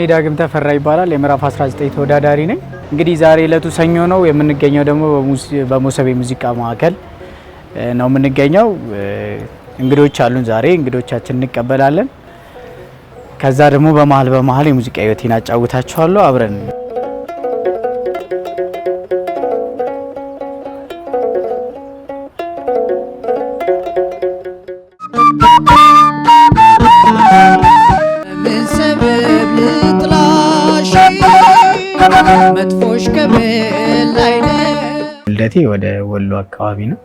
ስሜ ዳግም ተፈራ ይባላል። የምዕራፍ 19 ተወዳዳሪ ነኝ። እንግዲህ ዛሬ ዕለቱ ሰኞ ነው። የምንገኘው ደግሞ በሞሰቤ ሙዚቃ ማዕከል ነው የምንገኘው። እንግዶች አሉን ዛሬ እንግዶቻችን እንቀበላለን። ከዛ ደግሞ በመሀል በመሀል የሙዚቃ ህይወቴን አጫውታችኋለሁ። አብረን መጥፎሽ ከብል ልደቴ ወደ ወሎ አካባቢ ነው።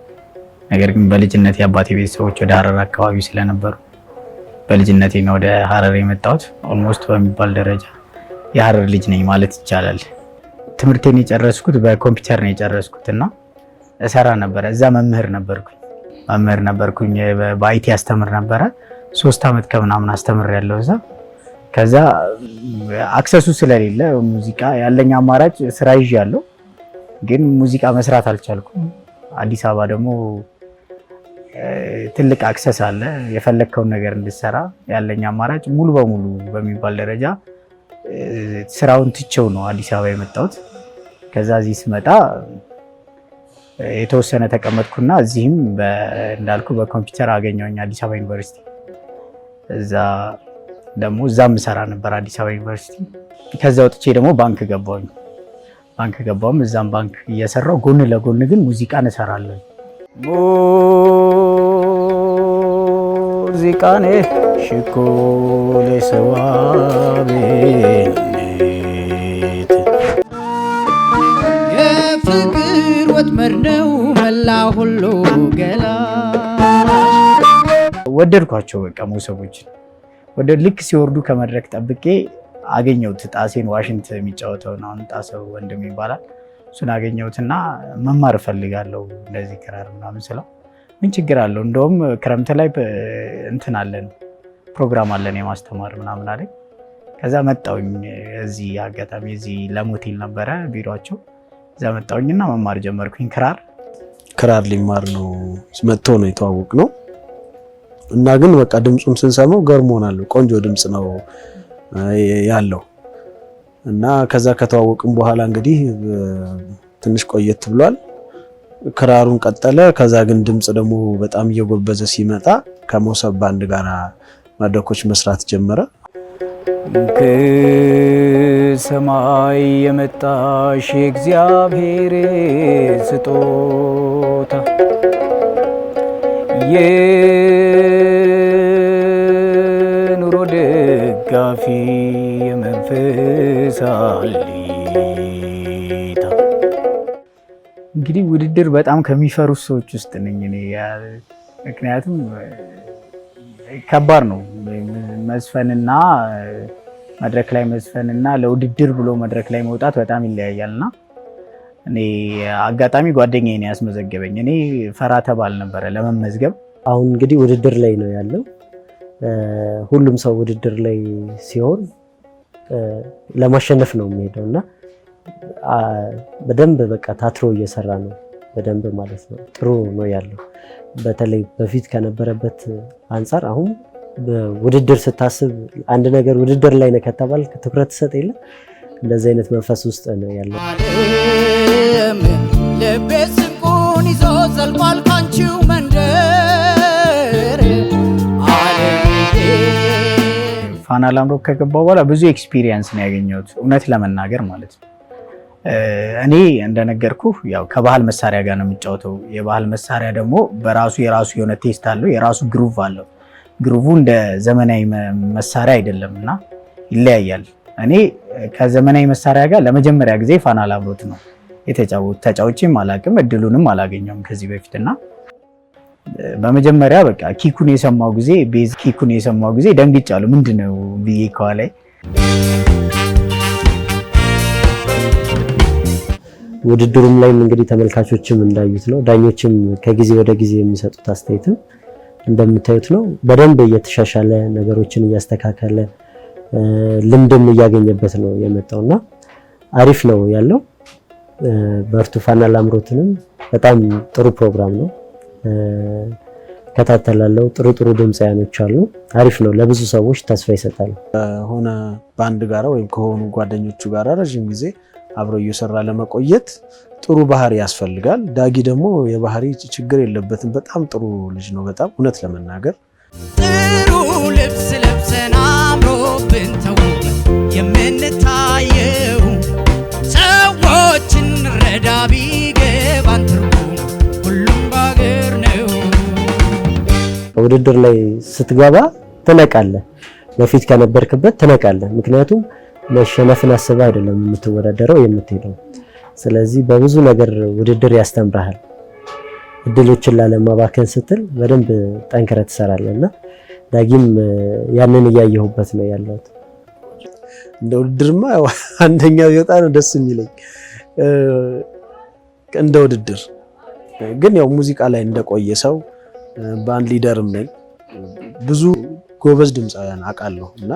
ነገር ግን በልጅነት የአባቴ ቤተሰቦች ወደ ሀረር አካባቢ ስለነበሩ በልጅነቴ ነው ወደ ሀረር የመጣሁት። ኦልሞስት በሚባል ደረጃ የሀረር ልጅ ነኝ ማለት ይቻላል። ትምህርቴን የጨረስኩት በኮምፒውተር ነው የጨረስኩት እና እሰራ ነበረ። እዛ መምህር ነበርኩኝ መምህር ነበርኩኝ። በአይቲ አስተምር ነበረ። ሶስት ዓመት ከምናምን አስተምር ያለው እዛ ከዛ አክሰሱ ስለሌለ ሙዚቃ ያለኝ አማራጭ ስራ ይዤ ያለው ግን ሙዚቃ መስራት አልቻልኩም። አዲስ አበባ ደግሞ ትልቅ አክሰስ አለ። የፈለግከውን ነገር እንድሰራ ያለኝ አማራጭ ሙሉ በሙሉ በሚባል ደረጃ ስራውን ትቼው ነው አዲስ አበባ የመጣሁት። ከዛ እዚህ ስመጣ የተወሰነ ተቀመጥኩና እዚህም እንዳልኩ በኮምፒውተር አገኘሁኝ አዲስ አበባ ዩኒቨርሲቲ እዛ ደግሞ እዛ ምሰራ ነበር አዲስ አበባ ዩኒቨርሲቲ። ከዛ ወጥቼ ደግሞ ባንክ ገባሁኝ። ባንክ ገባሁም እዛም ባንክ እየሰራው ጎን ለጎን ግን ሙዚቃን እሰራለሁ። ሙዚቃኔ ሽኮሌ ሰዋቤ የፍቅር ወጥመድ ነው መላ ሁሉ ገላ ወደድኳቸው በቃ መሶቦችን ወደ ልክ ሲወርዱ ከመድረክ ጠብቄ አገኘሁት። ጣሴን ዋሽንት የሚጫወተው አሁን ጣሰው ወንድም ይባላል። እሱን አገኘሁትና መማር እፈልጋለሁ እንደዚህ ክራር ምናምን ስለው ምን ችግር አለው እንደውም ክረምት ላይ እንትን አለን ፕሮግራም አለን የማስተማር ምናምን አለ ከዛ መጣውኝ እዚህ አጋጣሚ እዚህ ለሞቴል ነበረ ቢሮቸው እዛ መጣውኝና መማር ጀመርኩኝ። ክራር ክራር ሊማር ነው መጥቶ ነው የተዋወቅ ነው እና ግን በቃ ድምፁን ስንሰማው ገርሞናል። ቆንጆ ድምፅ ነው ያለው እና ከዛ ከተዋወቅም በኋላ እንግዲህ ትንሽ ቆየት ብሏል። ክራሩን ቀጠለ። ከዛ ግን ድምፅ ደግሞ በጣም እየጎበዘ ሲመጣ ከሞሰብ ባንድ ጋር መድረኮች መስራት ጀመረ። ከሰማይ የመጣሽ የእግዚአብሔር ስጦታ ኃላፊ የመንፈስ አለኝታ። እንግዲህ ውድድር በጣም ከሚፈሩት ሰዎች ውስጥ ነኝ እኔ። ምክንያቱም ከባድ ነው መዝፈንና መድረክ ላይ መዝፈንና ለውድድር ብሎ መድረክ ላይ መውጣት በጣም ይለያያልና እኔ አጋጣሚ ጓደኛዬ ነው ያስመዘገበኝ። እኔ ፈራ ተባል ነበረ ለመመዝገብ። አሁን እንግዲህ ውድድር ላይ ነው ያለው ሁሉም ሰው ውድድር ላይ ሲሆን ለማሸነፍ ነው የሚሄደው እና በደንብ በቃ ታትሮ እየሰራ ነው በደንብ ማለት ነው። ጥሩ ነው ያለው። በተለይ በፊት ከነበረበት አንጻር አሁን ውድድር ስታስብ አንድ ነገር ውድድር ላይ ነው ከተባል ትኩረት ትሰጥ የለ እንደዚህ አይነት መንፈስ ውስጥ ነው ያለው። ልቤ ስንቁን ይዞ ዘልቋል ካንቺው መንደር ፋና ላምሮት ከገባ በኋላ ብዙ ኤክስፒሪየንስ ነው ያገኘሁት፣ እውነት ለመናገር ማለት ነው። እኔ እንደነገርኩ ያው ከባህል መሳሪያ ጋር ነው የሚጫወተው። የባህል መሳሪያ ደግሞ በራሱ የራሱ የሆነ ቴስት አለው፣ የራሱ ግሩቭ አለው። ግሩቭ እንደ ዘመናዊ መሳሪያ አይደለም እና ይለያያል። እኔ ከዘመናዊ መሳሪያ ጋር ለመጀመሪያ ጊዜ ፋና ላምሮት ነው የተጫወቱ ተጫዎችም አላቅም፣ እድሉንም አላገኘውም ከዚህ በፊት እና በመጀመሪያ በቃ ኪኩን የሰማው ጊዜ ቤዝ ኪኩን የሰማው ጊዜ ደንግጫለሁ። ምንድን ነው ብዬ ከኋላይ ውድድሩም ላይም እንግዲህ ተመልካቾችም እንዳዩት ነው፣ ዳኞችም ከጊዜ ወደ ጊዜ የሚሰጡት አስተያየትም እንደምታዩት ነው። በደንብ እየተሻሻለ ነገሮችን እያስተካከለ ልምድም እያገኘበት ነው እና አሪፍ ነው ያለው። በርቱ ፋና ላምሮትንም በጣም ጥሩ ፕሮግራም ነው። ከታተላለው ጥሩ ጥሩ ድምፃያኖች አሉ። አሪፍ ነው፣ ለብዙ ሰዎች ተስፋ ይሰጣል። ሆነ ባንድ ጋራ ወይም ከሆኑ ጓደኞቹ ጋራ ረዥም ጊዜ አብረው እየሰራ ለመቆየት ጥሩ ባህሪ ያስፈልጋል። ዳጊ ደግሞ የባህሪ ችግር የለበትም። በጣም ጥሩ ልጅ ነው። በጣም እውነት ለመናገር ጥሩ ልብስ ለብሰን አምሮብን ተውበን የምንታየው ሰዎች ቢገ ውድድር ላይ ስትገባ ትነቃለህ፣ በፊት ከነበርክበት ትነቃለህ። ምክንያቱም መሸነፍን አስበህ አይደለም የምትወዳደረው የምትሄደው። ስለዚህ በብዙ ነገር ውድድር ያስተምርሃል። እድሎችን ላለማባከን ስትል በደንብ ጠንክረህ ትሰራለህ እና ዳጊም ያንን እያየሁበት ነው ያለሁት። እንደ ውድድርማ አንደኛ ቢወጣ ነው ደስ የሚለኝ። እንደ ውድድር ግን ያው ሙዚቃ ላይ እንደቆየ ሰው ባንድ ሊደርም ነኝ። ብዙ ጎበዝ ድምፃውያን አውቃለሁ እና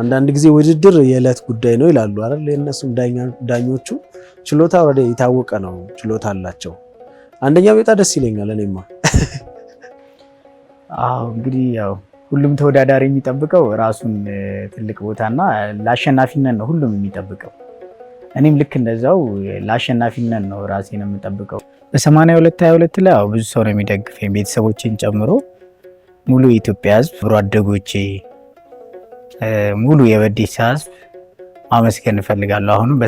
አንዳንድ ጊዜ ውድድር የዕለት ጉዳይ ነው ይላሉ አይደል? የእነሱም ዳኞቹ ችሎታ ወደ የታወቀ ነው፣ ችሎታ አላቸው። አንደኛ ቤጣ ደስ ይለኛል። እኔማ አዎ እንግዲህ ያው ሁሉም ተወዳዳሪ የሚጠብቀው ራሱን ትልቅ ቦታና ለአሸናፊነት ነው ሁሉም የሚጠብቀው እኔም ልክ እንደዛው ለአሸናፊነት ነው ራሴን የምጠብቀው ሁለት በ82 ሁለት ላይ ብዙ ሰው ነው የሚደግፈኝ ቤተሰቦችን ጨምሮ ሙሉ የኢትዮጵያ ሕዝብ ብሮ አደጎቼ ሙሉ የበዴሳ ሕዝብ ማመስገን እፈልጋለሁ። አሁንም በ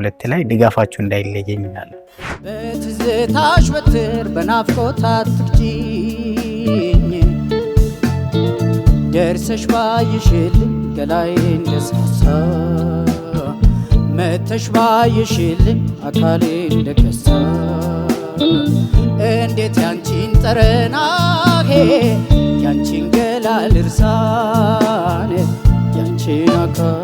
ሁለት ላይ ድጋፋችሁ እንዳይለየኝ እላለሁ። በትዝታሽ በትር በናፍቆት አትርጂኝ ደርሰሽ ባይሽል ገላይ እንደሳሳ መተሽ ባይሽልኝ አካሌ እንደከሳ እንዴት ያንቺን ጠረናሄ ያንቺን ገላ ልርሳን ያንቺን አካ